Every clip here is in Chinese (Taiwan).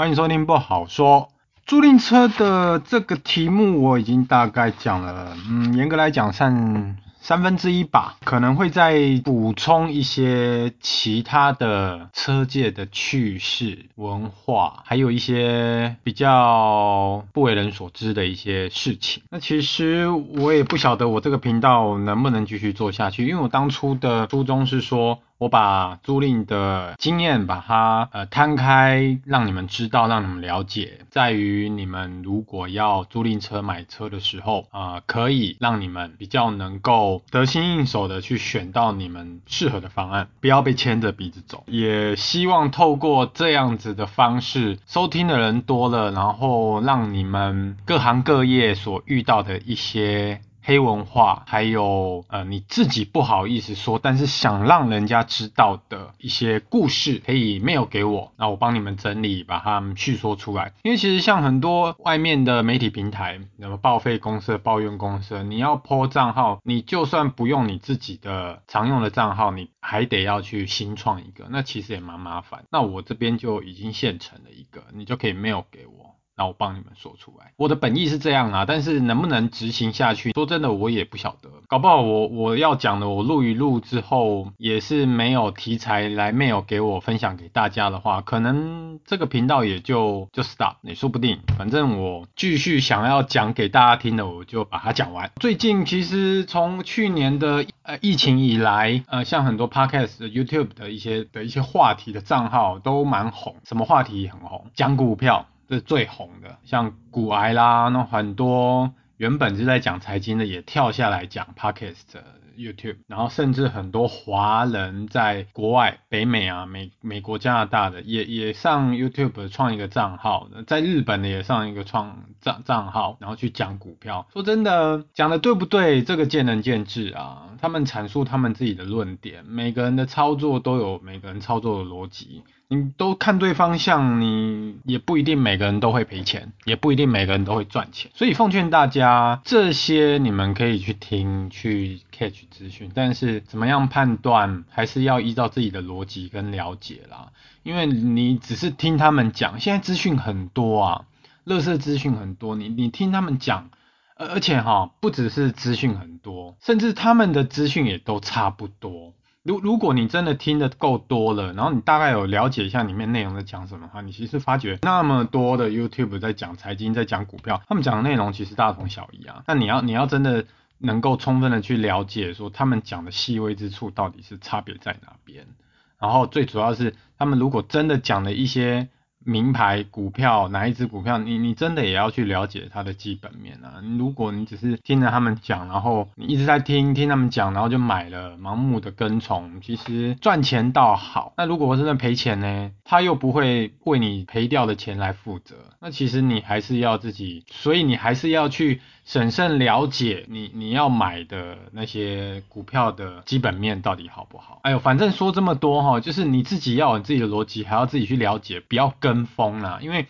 歡迎收聽《不好說》。租賃車的這個題目我已經大概講了，嗯，嚴格來講算三分之一吧，可能會再補充一些其他的車界的趣事、文化，還有一些比較不為人所知的一些事情。那其實我也不曉得我這個頻道能不能繼續做下去，因為我當初的初衷是說，我把租賃的經驗把它呃攤開，讓你們知道，讓你們了解，在於你們如果要租賃車、買車的時候啊，呃，可以讓你們比較能夠得心應手的去選到你們適合的方案，不要被牽着鼻子走。也希望透過這樣子的方式，收聽的人多了，然後讓你們各行各業所遇到的一些，黑文化，還有呃你自己不好意思說，但是想讓人家知道的一些故事，可以 mail 給我，那我幫你們整理，把它們去說出來。因為其實像很多外面的媒體平台，什麼報廢公社、抱怨公社，你要 PO 賬號，你就算不用你自己的常用的賬號，你還得要去新創一個，那其實也蠻麻煩。那我這邊就已經現成的一個，你就可以 mail 給我。那我幫你們說出來，我的本意是這樣啊，但是能不能執行下去，說真的我也不曉得。搞不好我我要講的，我錄一錄之後也是沒有題材來 mail 給我分享給大家的話，可能這個頻道也就就 stop 也說不定。反正我繼續想要講給大家聽的，我就把它講完。最近其實從去年的呃疫情以來，呃像很多 podcast、YouTube 的一些的一些話題的賬號都蠻紅，什麼話題也很紅，講股票。這是最紅的，像股癌啦，那很多原本是在講財經的也跳下來講 Podcast YouTube，然後甚至很多華人在國外北美啊，美美國加拿大的也也上 YouTube 創一個賬號，在日本的也上一個創賬賬號，然後去講股票。說真的，講得對不對，這個見仁見智啊。他們闡述他們自己的論點，每個人的操作都有每個人操作的邏輯。你都看對方向，你也不一定每個人都會賠錢，也不一定每個人都會賺錢。所以奉勸大家，這些你們可以去聽，去 catch 資訊，但是怎麼樣判斷，還是要依照自己的邏輯跟了解啦。因為你只是聽他們講，現在資訊很多啊，垃圾資訊很多，你你聽他們講，而而且齁，不只是資訊很多，甚至他們的資訊也都差不多。如如果你真的聽得夠多了，然後你大概有了解一下裡面內容在講什麼的話，你其實發覺那麼多的 YouTube 在講財經，在講股票，他們講的內容其實大同小異啊。那你要你要真的能夠充分的去了解，說他們講的細微之處到底是差別在哪邊，然後最主要是他們如果真的講了一些。名牌股票哪一隻股票？你你真的也要去了解它的基本面啊！如果你只是聽着他們講，然後你一直在聽聽他們講，然後就買了，盲目的跟從，其實賺錢倒好。那如果我真的賠錢呢？他又不會為你賠掉的錢來負責。那其實你還是要自己，所以你還是要去審慎了解你你要買的那些股票的基本面到底好不好。哎呦，反正說這麼多哈、哦，就是你自己要有自己的邏輯，還要自己去了解，不要跟。跟風啦，因為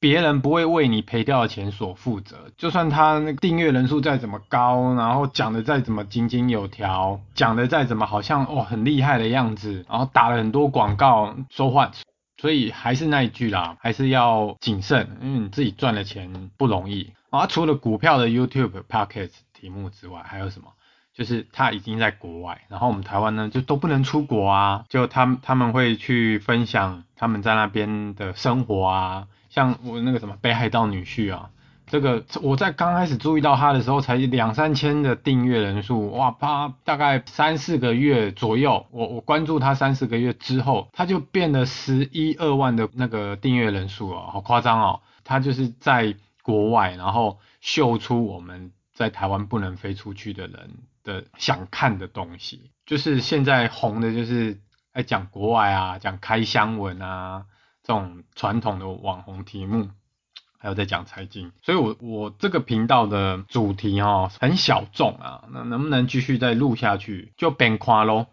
別人不會為你賠掉的錢所負責，就算他那訂閱人數再怎麼高，然後講的再怎麼井井有條，講的再怎麼好像哦很厲害的樣子，然後打了很多廣告，說話，所以還是那一句啦，還是要謹慎，因為你自己賺的錢不容易啊。除了股票的 YouTube Podcast 題目之外，還有什麼？就是他已經在國外，然後我們台灣呢就都不能出國啊，就他們他們會去分享他們在那邊的生活啊，像我那個什麼北海道女婿啊，這個我在剛開始注意到他的時候才兩三千的訂閱人數，哇，他大概三四個月左右，我我關注他三四個月之後，他就變了十一二萬的那個訂閱人數啊、哦，好誇張哦，他就是在國外，然後秀出我們在台灣不能飛出去的人的想看的東西，就是現在紅的，就是哎講、欸、國外啊，講開箱文啊，這種傳統的網紅題目，還有在講財經，所以我，我我這個頻道的主題哦，很小眾啊，那能不能繼續再錄下去，就變誇嘍。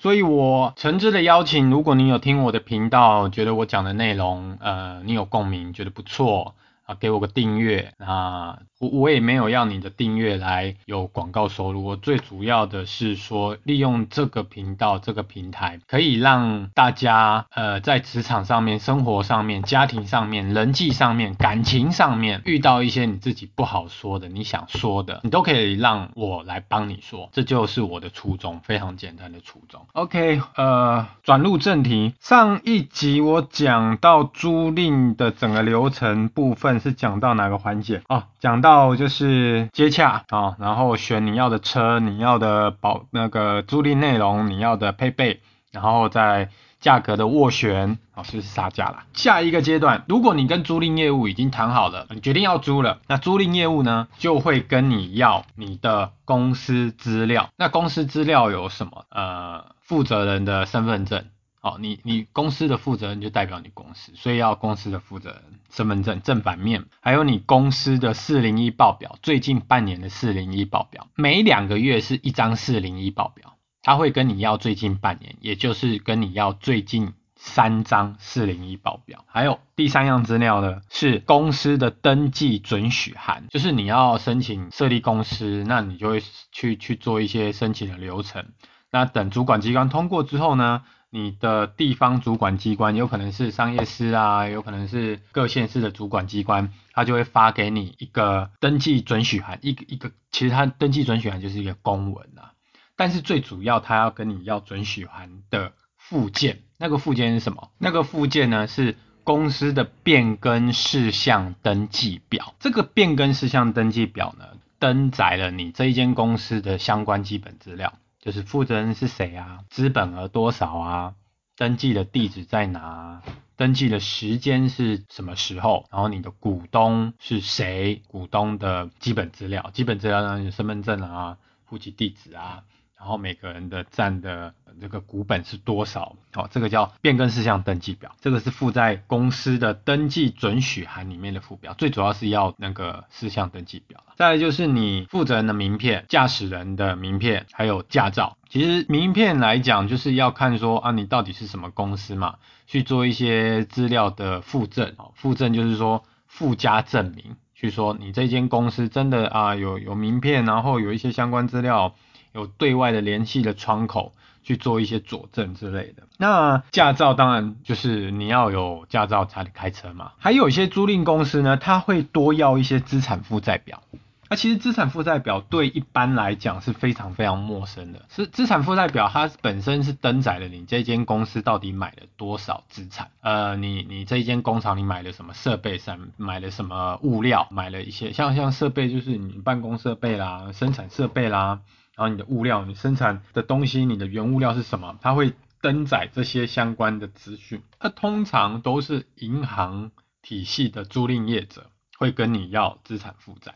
所以，我誠摯的邀請，如果你有聽我的頻道，覺得我講的內容，呃，你有共鳴，覺得不錯。啊，給我個訂閱，啊，我我也沒有要你的訂閱來有廣告收入，我最主要的是說，利用這個頻道這個平台，可以讓大家呃在職場上面、生活上面、家庭上面、人際上面、感情上面遇到一些你自己不好說的、你想說的，你都可以讓我來幫你說，這就是我的初衷，非常簡單的初衷。OK，呃，轉入正題，上一集我講到租賃的整個流程部分。是講到哪個環節哦？講到就是接洽啊、哦，然後選你要的車、你要的保那個租賃內容、你要的配備，然後在價格的斡旋啊，就、哦、是不是殺價了、啊。下一個階段，如果你跟租賃業務已經談好了，你決定要租了，那租賃業務呢就會跟你要你的公司資料。那公司資料有什麼？呃，負責人的身份證。哦，你你公司的負責人就代表你公司，所以要公司的負責人身份證正反面，還有你公司的四零一報表，最近半年的四零一報表，每兩個月是一張四零一報表，他會跟你要最近半年，也就是跟你要最近三張四零一報表，還有第三樣資料呢，是公司的登記准許函，就是你要申請設立公司，那你就會去去做一些申請的流程，那等主管機關通過之後呢，你的地方主管機關有可能是商業司啊，有可能是各縣市的主管機關，他就會發給你一個登記准許函，一個一個其實他登記准許函就是一個公文啊，但是最主要他要跟你要准許函的附件，那個附件是什麼？那個附件呢，是公司的變更事項登記表，這個變更事項登記表呢，登載了你這一間公司的相關基本資料。就是負責人是誰啊？資本額多少啊？登記的地址在哪？登記的時間是什麼時候？然後你的股東是誰？股東的基本資料，基本資料呢你有、就是、身份證啊，戶籍地址啊。然後每個人的占的這個股本是多少？好、哦，這個叫變更事項登記表，這個是附在公司的登記准許函裡面的附表，最主要是要那個事項登記表。再來就是你負責人的名片、駕駛人的名片，還有駕照。其實名片來講，就是要看說啊，你到底是什麼公司嘛？去做一些資料的附證、哦，附證就是說附加證明，去說你這間公司真的啊有有名片，然後有一些相關資料。有對外的聯繫的窗口去做一些佐證之類的。那駕照當然就是你要有駕照才開車嘛。還有一些租賃公司呢，他會多要一些資產負債表。那其實資產負債表對一般來講是非常非常陌生的。是資產負債表，它本身是登載了你這間公司到底買了多少資產。呃，你你這間工廠你買了什麼設備？什買了什麼物料？買了一些像像設備，就是你辦公設備啦，生產設備啦。然後你的物料，你生產的東西，你的原物料是什麼？它會登載這些相關的資訊。它通常都是銀行體系的租賃業者會跟你要資產負債，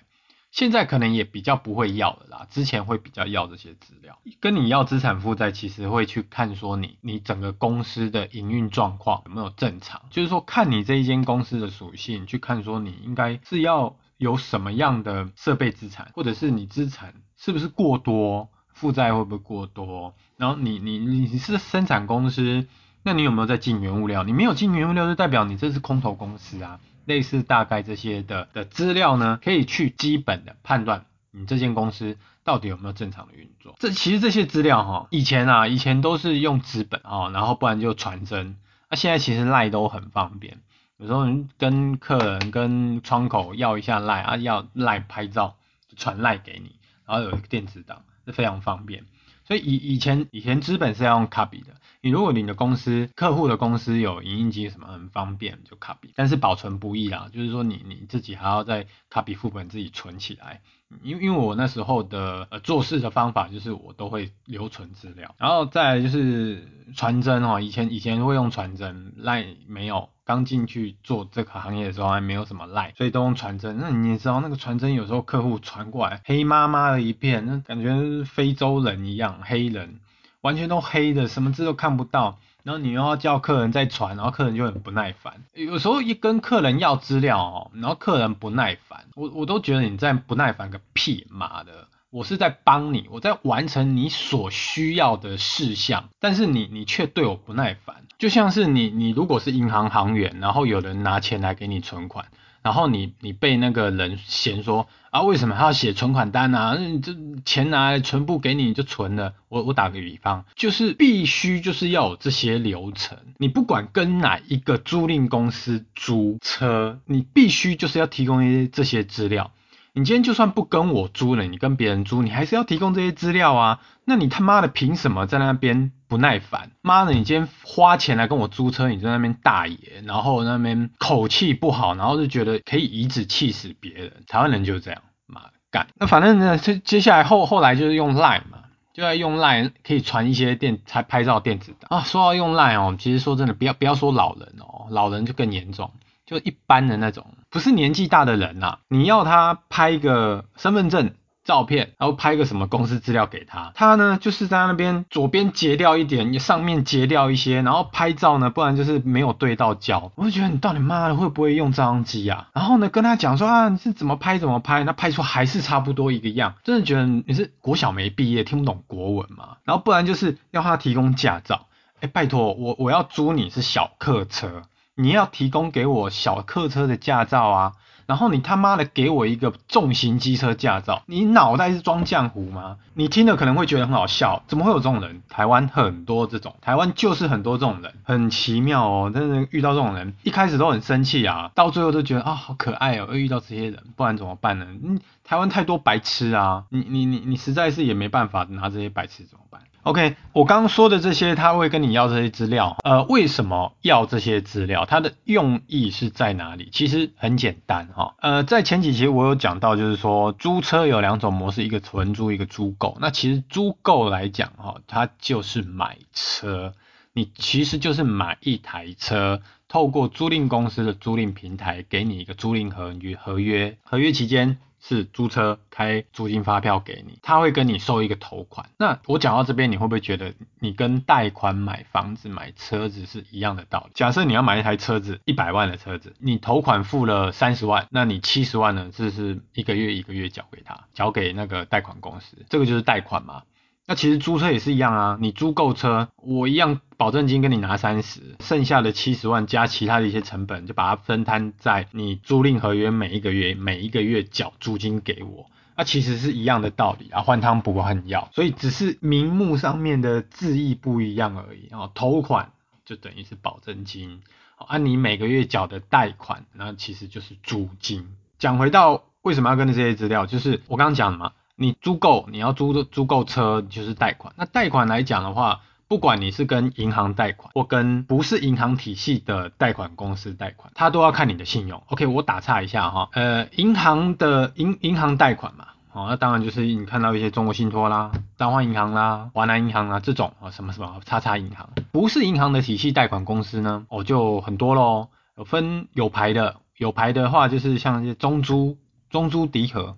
現在可能也比較不會要了啦，之前會比較要這些資料。跟你要資產負債，其實會去看說你你整個公司的營運狀況有沒有正常，就是說看你這一間公司的屬性，去看說你應該是要。有什麼樣的設備資產，或者是你資產是不是過多，負債會不會過多？然後你你你是生產公司，那你有沒有在進原物料？你沒有進原物料，就代表你這是空頭公司啊。類似大概這些的的資料呢，可以去基本的判斷你這間公司到底有沒有正常的運作。這其實這些資料哈，以前啊，以前都是用紙本啊，然後不然就傳真。那、啊、現在其實 LINE 都很方便。有時候跟客人、跟窗口要一下賴啊，要賴拍照就傳賴給你，然後有一個電子檔，這非常方便。所以以前以前以前資本是要用卡比的，你如果你的公司客戶的公司有影印機什麼，很方便就卡比，但是保存不易啊，就是說你你自己還要再卡比副本自己存起來。因為因為我那時候的呃做事的方法就是我都會留存資料，然後再來就是傳真哈，以前以前會用傳真，賴沒有剛進去做這個行業的時候還沒有怎麼賴，所以都用傳真。那你也知道那個傳真有時候客戶傳過來黑麻麻的一片，那感覺非洲人一樣，黑人完全都黑的，什麼字都看不到。然後你又要叫客人再傳，然後客人就很不耐煩。有時候一跟客人要資料哦，然後客人不耐煩，我我都覺得你在不耐煩個屁，媽的，我是在幫你，我在完成你所需要的事項，但是你你卻對我不耐煩，就像是你你如果是銀行行員，然後有人拿錢來給你存款。然後你你被那個人嫌說啊，為什麼還要寫存款單呢、啊？這錢拿來存不給你就存了。我我打個比方，就是必須就是要有這些流程。你不管跟哪一個租賃公司租車，你必須就是要提供一些這些資料。你今天就算不跟我租了，你跟別人租，你還是要提供這些資料啊。那你他媽的憑什麼在那邊不耐煩？媽的，你今天花錢來跟我租車，你在那邊大爺，然後那邊口氣不好，然後就覺得可以頤指氣使別人。台灣人就這樣，媽的幹。那反正呢，接接下來後後來就是用 LINE 嘛，就在用 LINE 可以傳一些電、拍拍照、電子檔啊。說到用 LINE 哦，其實說真的，不要不要說老人哦，老人就更嚴重，就一般的那種。不是年紀大的人吶、啊,你要他拍一個身份證照片，然後拍個什麼公司資料給他,他呢就是在那邊左邊截掉一點,你上面截掉一些,然後拍照呢,不然就是沒有對到焦.我就覺得你到底媽的會不會用照相機啊?然後呢,跟他講說啊,你是怎麼拍怎麼拍,那拍出還是差不多一個樣,真的覺得你是國小沒畢業,聽不懂國文嘛?然後不然就是要他提供駕照,誒,拜托,我我要租你是小客車.你要提供給我小客車的駕照啊，然後你他媽的給我一個重型機車駕照，你腦袋是裝漿糊嗎？你聽了可能會覺得很好笑，怎麼會有這種人？台灣很多這種，台灣就是很多這種人，很奇妙哦。真的遇到這種人，一開始都很生氣啊，到最後都覺得啊、哦、好可愛哦，又遇到這些人，不然怎麼辦呢？你、嗯、台灣太多白痴啊，你你你你實在是也沒辦法拿這些白痴怎麼辦？OK，我剛剛說的這些，他會跟你要這些資料，呃，為什麼要這些資料？它的用意是在哪裡？其實很簡單哈，呃，在前幾期我有講到，就是說租車有兩種模式，一個純租，一個租購。那其實租購來講哈，它就是買車，你其實就是買一台車，透過租賃公司的租賃平台給你一個租賃合約合約，合約期間。是租車開租金發票給你，他會跟你收一個頭款。那我講到這邊，你會不會覺得你跟貸款買房子、買車子是一樣的道理？假設你要買一台車子，一百萬的車子，你頭款付了三十萬，那你七十萬呢？這是一個月一個月繳給他，繳給那個貸款公司，這個就是貸款嘛。那其實租車也是一樣啊，你租購車，我一樣。保證金跟你拿三十，剩下的七十萬加其他的一些成本，就把它分攤在你租賃合約每一個月，每一個月繳租金給我。那、啊、其實是一樣的道理啊，換湯不換藥，所以只是名目上面的字義不一樣而已啊。頭款就等於是保證金，按、啊、你每個月繳的貸款，那其實就是租金。講回到為什麼要跟你這些資料，就是我剛剛講的嘛，你租夠，你要租租夠車就是貸款。那貸款來講的話。不管你是跟銀行貸款或跟不是銀行體系的貸款公司貸款，它都要看你的信用。OK，我打岔一下哈，呃，銀行的銀銀行貸款嘛，哦，那當然就是你看到一些中國信托啦、彰化銀行啦、華南銀行啦、啊、這種啊、哦，什麼什麼叉叉銀行。不是銀行的體系貸款公司呢，哦，就很多咯，有分有牌的，有牌的話就是像一些中租中租迪和，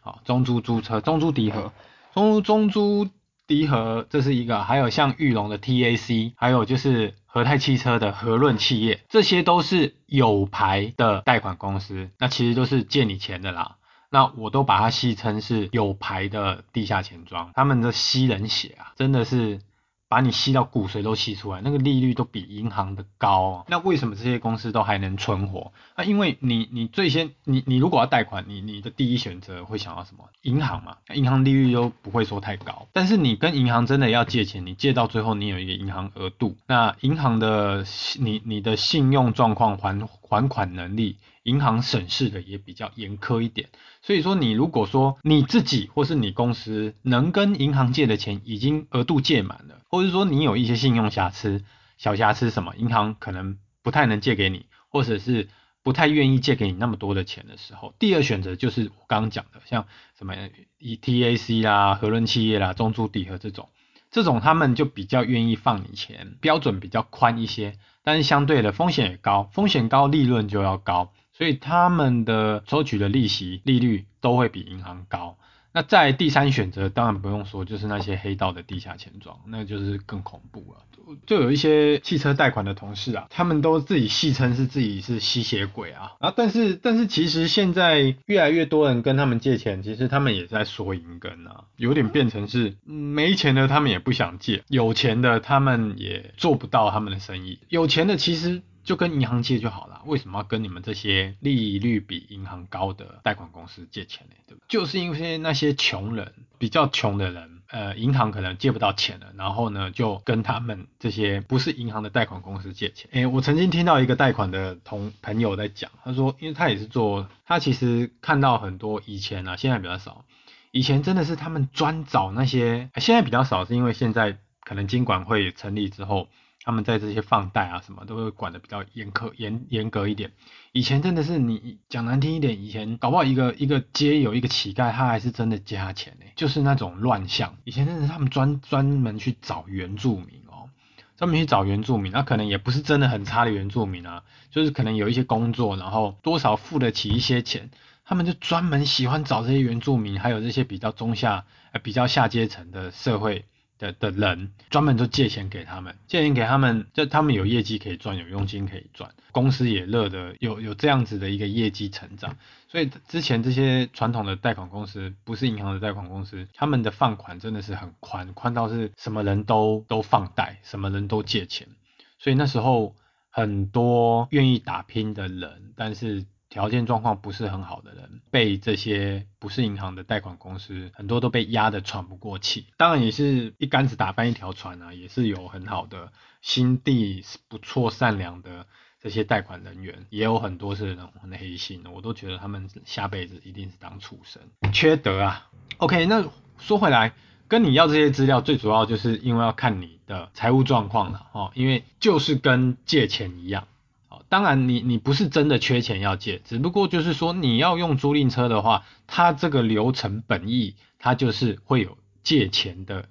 好、哦，中租租車、中租迪和、中租中租第一和這是一個，還有像裕隆的 TAC，還有就是和泰汽車的和潤企業，這些都是有牌的貸款公司，那其實都是借你錢的啦，那我都把它戲稱是有牌的地下錢莊，他們的吸人血啊，真的是。把你吸到骨髓都吸出來，那個利率都比銀行的高啊！那為什麼這些公司都還能存活？那、啊、因為你，你最先，你你如果要貸款，你你的第一選擇會想要什麼？銀行嘛，啊、銀行利率又不會說太高，但是你跟銀行真的要借錢，你借到最後你有一個銀行額度，那銀行的你你的信用狀況還。還款能力，銀行審視的也比較嚴苛一點。所以說，你如果說你自己或是你公司能跟銀行借的錢已經額度借滿了，或者是說你有一些信用瑕疵、小瑕疵什麼，銀行可能不太能借給你，或者是不太願意借給你那麼多的錢的時候，第二選擇就是我剛講的，像什麼 ETAC 啦、啊、和潤企業啦、啊、中租迪和這種，這種他們就比較願意放你錢，標準比較寬一些。但是相對的風險也高，風險高利潤就要高，所以他們的收取的利息利率都會比銀行高。那在第三選擇，當然不用說，就是那些黑道的地下錢莊，那就是更恐怖了就。就有一些汽車貸款的同事啊，他們都自己戲稱是自己是吸血鬼啊。啊，但是但是其實現在越來越多人跟他們借錢，其實他們也在縮銀根啊，有點變成是沒錢的他們也不想借，有錢的他們也做不到他們的生意。有錢的其實。就跟銀行借就好了，為什麼要跟你們這些利率比銀行高的貸款公司借錢呢？對吧？就是因為那些窮人，比較窮的人，呃，銀行可能借不到錢了，然後呢就跟他們這些不是銀行的貸款公司借錢。誒、欸、我曾經聽到一個貸款的同朋友在講，他說，因為他也是做，他其實看到很多以前啊，現在比較少，以前真的是他們專找那些，現在比較少，是因為現在可能金管會成立之後。他們在這些放貸啊什麼都會管得比較嚴苛，嚴嚴格一點。以前真的是你講難聽一點，以前搞不好一個一個街有一個乞丐，他還是真的加錢呢、欸，就是那種亂象。以前真的是他們專專門去找原住民哦，專門去找原住民、啊，那可能也不是真的很差的原住民啊，就是可能有一些工作，然後多少付得起一些錢，他們就專門喜歡找這些原住民，還有這些比較中下呃比較下階層的社會的的人專門就借錢給他們，借錢給他們，就他們有業績可以賺，有佣金可以賺，公司也樂得有有這樣子的一個業績成長。所以之前這些傳統的貸款公司，不是銀行的貸款公司，他們的放款真的是很寬，寬到是什麼人都都放貸，什麼人都借錢。所以那時候很多願意打拼的人，但是。條件狀況不是很好的人，被這些不是銀行的貸款公司，很多都被壓得喘不過氣。當然也是一竿子打翻一條船啊，也是有很好的心地不錯、善良的這些貸款人員，也有很多是那種很黑心的，我都覺得他們下輩子一定是當畜生，缺德啊。OK，那說回來，跟你要這些資料，最主要就是因為要看你的財務狀況了、啊、哦，因為就是跟借錢一樣。哦，當然你你不是真的缺錢要借，只不過就是說你要用租賃車的話，它這個流程本意它就是會有借錢的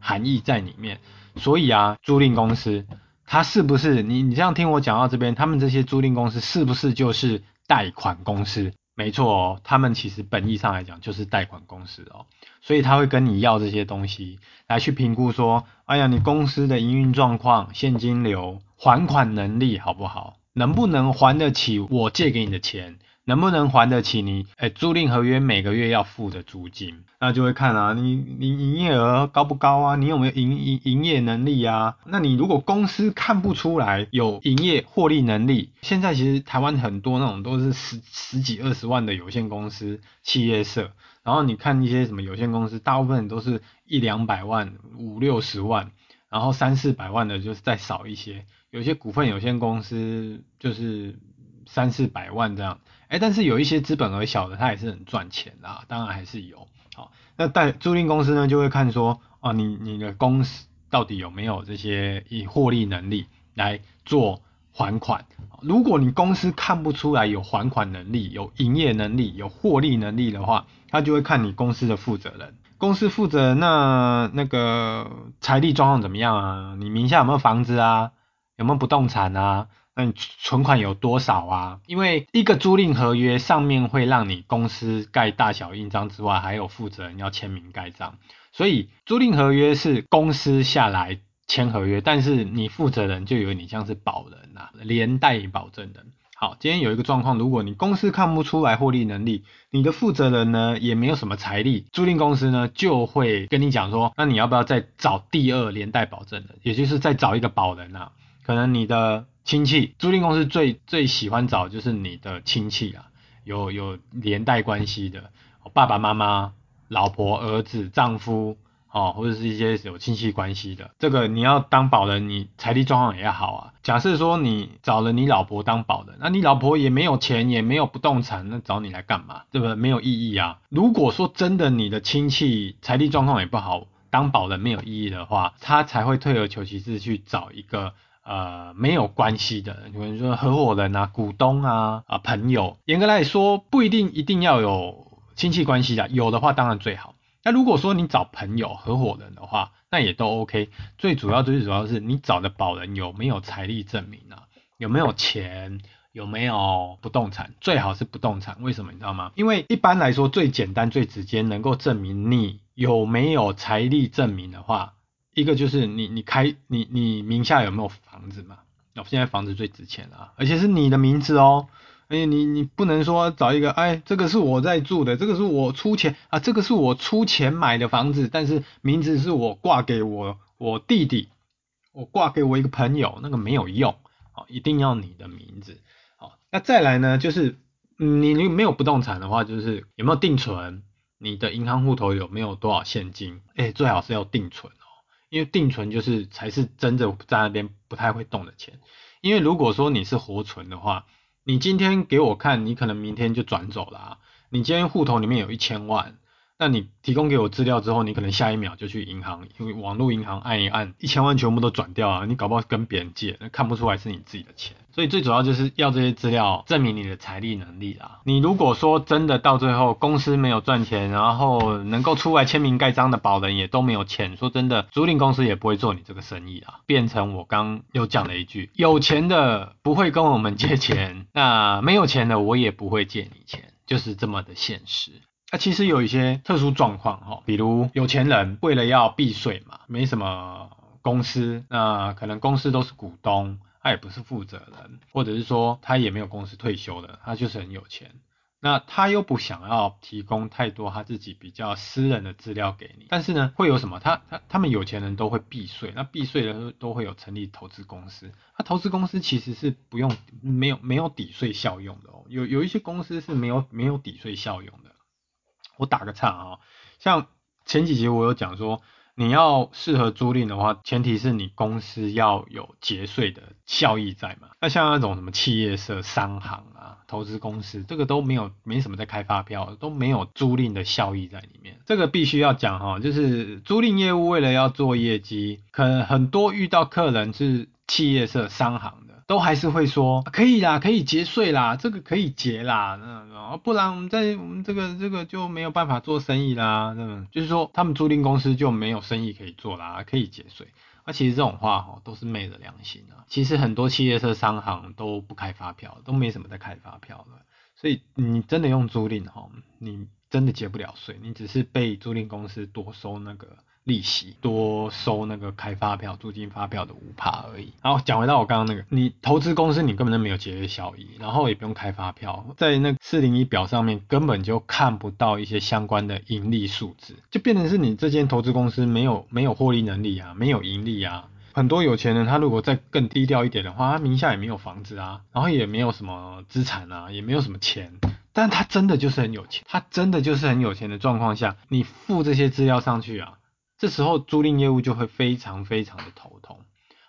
含義在裡面。所以啊，租賃公司它是不是你你這樣聽我講到這邊，他們這些租賃公司是不是就是貸款公司？沒錯哦，他們其實本意上來講就是貸款公司哦，所以他會跟你要這些東西來去評估說，哎呀，你公司的營運狀況、現金流、還款能力好不好？能不能還得起我借給你的錢？能不能還得起你哎、欸、租賃合約每個月要付的租金？那就會看啊，你你營業額高不高啊？你有沒有營營營業能力啊？那你如果公司看不出來有營業獲利能力，現在其實台灣很多那種都是十十幾二十萬的有限公司、企業社，然後你看一些什麼有限公司，大部分都是一兩百萬、五六十萬。然後三四百萬的就是再少一些，有些股份有限公司就是三四百萬這樣，哎，但是有一些資本額小的，他也是很賺錢啦，當然還是有。好、哦，那貸租賃公司呢就會看說，啊、哦，你你的公司到底有沒有這些以獲利能力來做還款、哦？如果你公司看不出來有還款能力、有營業能力、有獲利能力的話，他就會看你公司的負責人。公司負責那那個財力狀況怎麼樣啊？你名下有沒有房子啊？有沒有不動產啊？那你存款有多少啊？因為一個租賃合約上面會讓你公司蓋大小印章之外，還有負責人要簽名蓋章，所以租賃合約是公司下來簽合約，但是你負責人就以為你像是保人啊，連帶保證人。好，今天有一個狀況，如果你公司看不出來獲利能力，你的負責人呢也沒有什麼財力，租賃公司呢就會跟你講說，那你要不要再找第二連帶保證的，也就是再找一個保人啊，可能你的親戚，租賃公司最最喜歡找就是你的親戚啊，有有連帶關係的，爸爸媽媽、老婆、兒子、丈夫。哦，或者是一些有親戚關係的，這個你要當保人，你財力狀況也要好啊。假設說你找了你老婆當保人，那你老婆也沒有錢，也沒有不動產，那找你來幹嘛？對不對？沒有意義啊。如果說真的你的親戚財力狀況也不好，當保人沒有意義的話，他才會退而求其次去找一個呃沒有關係的人，比如說合夥人啊、股東啊、啊朋友。嚴格來說，不一定一定要有親戚關係的，啊，有的話當然最好。那如果說你找朋友合夥人的話，那也都 OK。最主要最主要是你找的保人有沒有財力證明啊？有沒有錢？有沒有不動產？最好是不動產。為什麼？你知道嗎？因為一般來說最簡單最直接能夠證明你有沒有財力證明的話，一個就是你你開你你名下有沒有房子嘛？哦，現在房子最值錢了啊，而且是你的名字哦。哎、欸，你你不能說找一個，哎、欸，這個是我在住的，這個是我出錢啊，這個是我出錢買的房子，但是名字是我掛給我我弟弟，我掛給我一個朋友，那個沒有用啊，一定要你的名字啊。那再來呢，就是你你沒有不動產的話，就是有沒有定存？你的銀行戶頭有沒有多少現金？哎、欸，最好是要定存哦，因為定存就是才是真的在那邊不太會動的錢，因為如果說你是活存的話。你今天給我看，你可能明天就轉走了啊。你今天戶頭裡面有一千萬。那你提供給我資料之後，你可能下一秒就去銀行，因為網絡銀行按一按，一千萬全部都轉掉啊。你搞不好跟別人借，那看不出來是你自己的錢。所以最主要就是要這些資料證明你的財力能力啦。你如果說真的到最後公司沒有賺錢，然後能夠出來簽名蓋章的保人也都沒有錢，說真的，租賃公司也不會做你這個生意啊。變成我剛又講了一句，有錢的不會跟我們借錢，那沒有錢的我也不會借你錢，就是這麼的現實。啊，其實有一些特殊狀況哈，比如有錢人為了要避稅嘛，沒什麼公司，那可能公司都是股東，他也不是負責人，或者是說他也沒有公司退休的，他就是很有錢。那他又不想要提供太多他自己比較私人的資料給你，但是呢，會有什麼？他他他們有錢人都會避稅，那避稅的都都會有成立投資公司，那投資公司其實是不用，沒有沒有抵稅效用的哦，有有一些公司是沒有沒有抵稅效用的。我打個岔啊、哦，像前幾集我有講說，你要適合租賃的話，前提是你公司要有節稅的效益在嘛。那像那種什麼企業社、商行啊、投資公司，這個都沒有，沒什麼在開發票，都沒有租賃的效益在裡面。這個必須要講哈、哦，就是租賃業務為了要做業績，可能很多遇到客人是企業社、商行的。都還是會說、啊、可以啦，可以結稅啦，這個可以結啦，那不，不然我們在我們這個這個就沒有辦法做生意啦，那麼就是說他們租賃公司就沒有生意可以做啦，可以結稅。那、啊、其實這種話哈都是昧着良心啊。其實很多企業社商行都不開發票，都沒什麼在開發票的。所以你真的用租賃哈，你真的結不了稅，你只是被租賃公司多收那個。利息多收那個開發票租金發票的五趴而已。然後講回到我剛剛那個，你投資公司你根本就沒有節約效益，然後也不用開發票，在那四零一表上面根本就看不到一些相關的盈利數字，就變成是你這間投資公司沒有沒有獲利能力啊，沒有盈利啊。很多有錢人他如果再更低調一點的話，他名下也沒有房子啊，然後也沒有什麼資產啊，也沒有什麼錢，但他真的就是很有錢，他真的就是很有錢的狀況下，你付這些資料上去啊。這時候租賃業務就會非常非常的頭痛，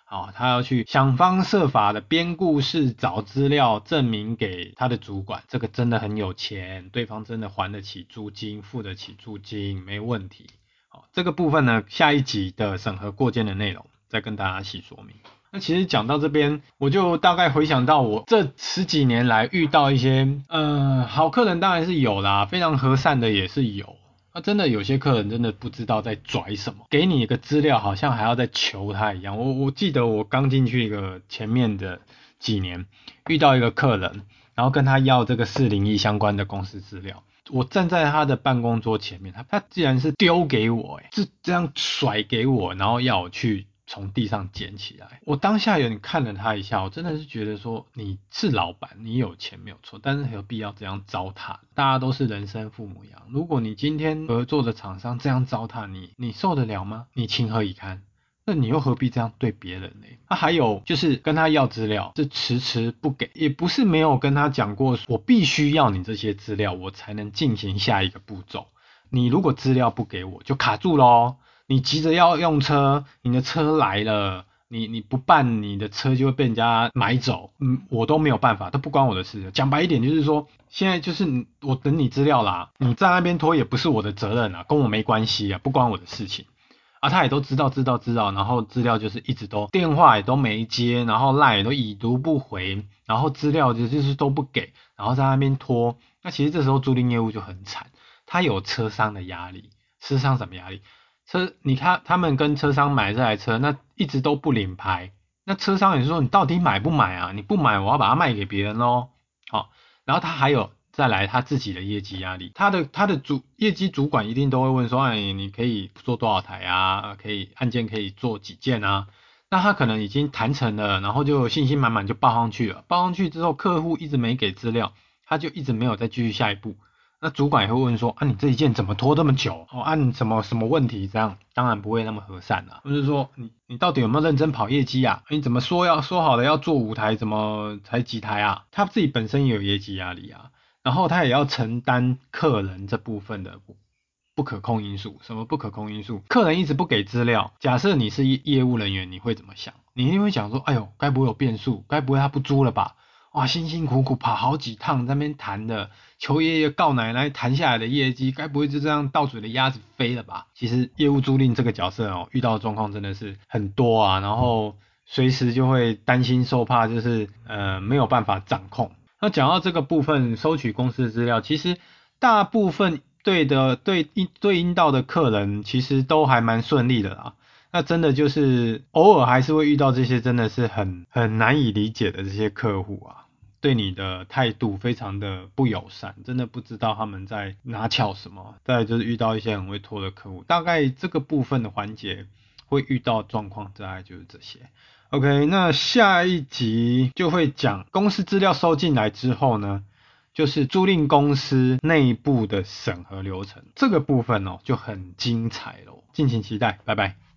好，他要去想方設法的編故事、找資料證明給他的主管，這個真的很有錢，對方真的還得起租金、付得起租金，沒問題。好，這個部分呢，下一集的審核過件的內容再跟大家細說明。那其實講到這邊，我就大概回想到我這十幾年來遇到一些，嗯，好客人當然是有啦，非常和善的也是有。那、啊、真的有些客人真的不知道在拽什麼，給你一個資料好像還要再求他一樣。我我記得我剛進去一個前面的幾年遇到一個客人，然後跟他要這個四零一相關的公司資料，我站在他的辦公桌前面，他他竟然是丟給我，哎，這這樣甩給我，然後要我去。從地上撿起來。我當下有點看了他一下，我真的是覺得說，你是老闆，你有錢沒有錯，但是何必要這樣糟蹋？大家都是人生父母養。如果你今天合作的廠商這樣糟蹋你，你受得了嗎？你情何以堪？那你又何必這樣對別人呢？他、啊、還有就是跟他要資料，是遲遲不給，也不是沒有跟他講過，我必須要你這些資料，我才能進行下一個步驟。你如果資料不給我，就卡住嘍。你急着要用車，你的車來了，你你不辦，你的車就會被人家買走，嗯，我都沒有辦法，都不關我的事。講白一點，就是說，現在就是我等你資料啦，你在那邊拖也不是我的責任啊，跟我沒關係啊，不關我的事情。啊，他也都知道，知道，知道，然後資料就是一直都電話也都沒接，然後賴也都已讀不回，然後資料就就是都不給，然後在那邊拖。那其實這時候租賃業務就很慘，他有車商的壓力，車商什麼壓力？車，你看他，他們跟車商買這台車，那一直都不領牌。那車商也是說，你到底買不買啊？你不買，我要把它賣給別人嘍。好，然後他還有再來他自己的業績壓力，他的他的主業績主管一定都會問說，哎、欸，你可以做多少台啊？可以案件可以做幾件啊？那他可能已經談成了，然後就信心滿滿就報上去了。報上去之後，客戶一直沒給資料，他就一直沒有再繼續下一步。那主管也會問說啊，你這一件怎麼拖這麼久？哦，按、啊、什麼什麼問題這樣，當然不會那麼和善了、啊。就是說你你到底有沒有認真跑業績啊？你怎麼說要說好了要做五台，怎麼才幾台啊？他自己本身也有業績壓力啊，然後他也要承擔客人這部分的不可控因素。什麼不可控因素？客人一直不給資料。假設你是業務人員，你會怎麼想？你一定會想說，哎呦，該不會有變數？該不會他不租了吧？哇，辛辛苦苦跑好幾趟，在那邊談的求爺爺告奶奶談下來的業績，該不會就這樣到嘴的鴨子飛了吧？其實業務租賃這個角色哦、喔，遇到的狀況真的是很多啊，然後隨時就會擔心受怕，就是呃沒有辦法掌控。那講到這個部分，收取公司的資料，其實大部分對的對應對應到的客人，其實都還蠻順利的啦。那真的就是偶爾還是會遇到這些真的是很很難以理解的這些客戶啊。對你的態度非常的不友善，真的不知道他們在拿翹什麼。再就是遇到一些很會拖的客戶，大概這個部分的環節會遇到狀況，大概就是這些。OK，那下一集就會講公司資料收進來之後呢，就是租賃公司內部的審核流程。這個部分哦，就很精彩了，敬請期待，拜拜。